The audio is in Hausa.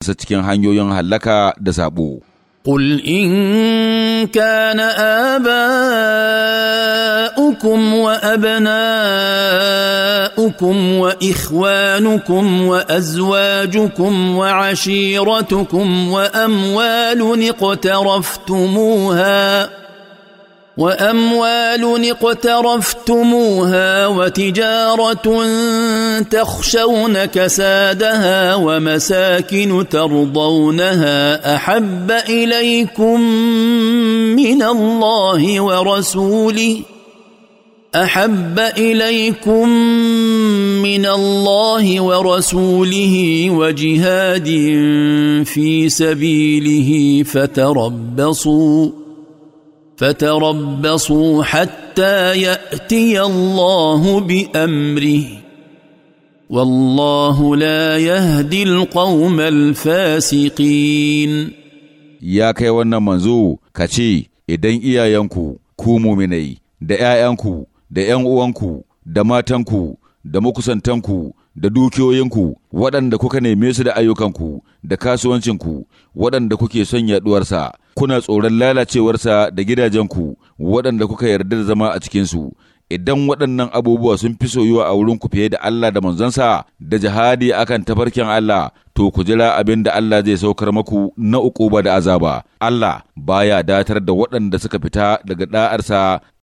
sa cikin hanyoyin hallaka da sabo. قل إن كان آباؤكم وأبناؤكم وإخوانكم وأزواجكم وعشيرتكم وأموال اقترفتموها وأموال اقترفتموها وتجارة تخشون كسادها ومساكن ترضونها احب اليكم من الله ورسوله احب اليكم من الله ورسوله وجهاد في سبيله فتربصوا فتربصوا حتى ياتي الله بامره والله لا يهدي القوم الفاسقين يا كي wannan manzo kace idan iyayenku ku muminai da ’ya'yanku da ’yan uwanku da matanku da makusantanku da dukiyoyinku waɗanda kuka neme su da ayyukanku da kasuwancinku waɗanda kuke son yaɗuwarsa kuna tsoron lalacewarsa da gidajenku waɗanda kuka yarda da zama a cikinsu idan waɗannan abubuwa sun fi soyuwa a wurinku fiye da Allah da manzansa da jihadi akan tafarkin Allah to ku jira abin da Allah zai saukar maku na uku ba da azaba Allah baya datar da waɗanda suka fita daga da'arsa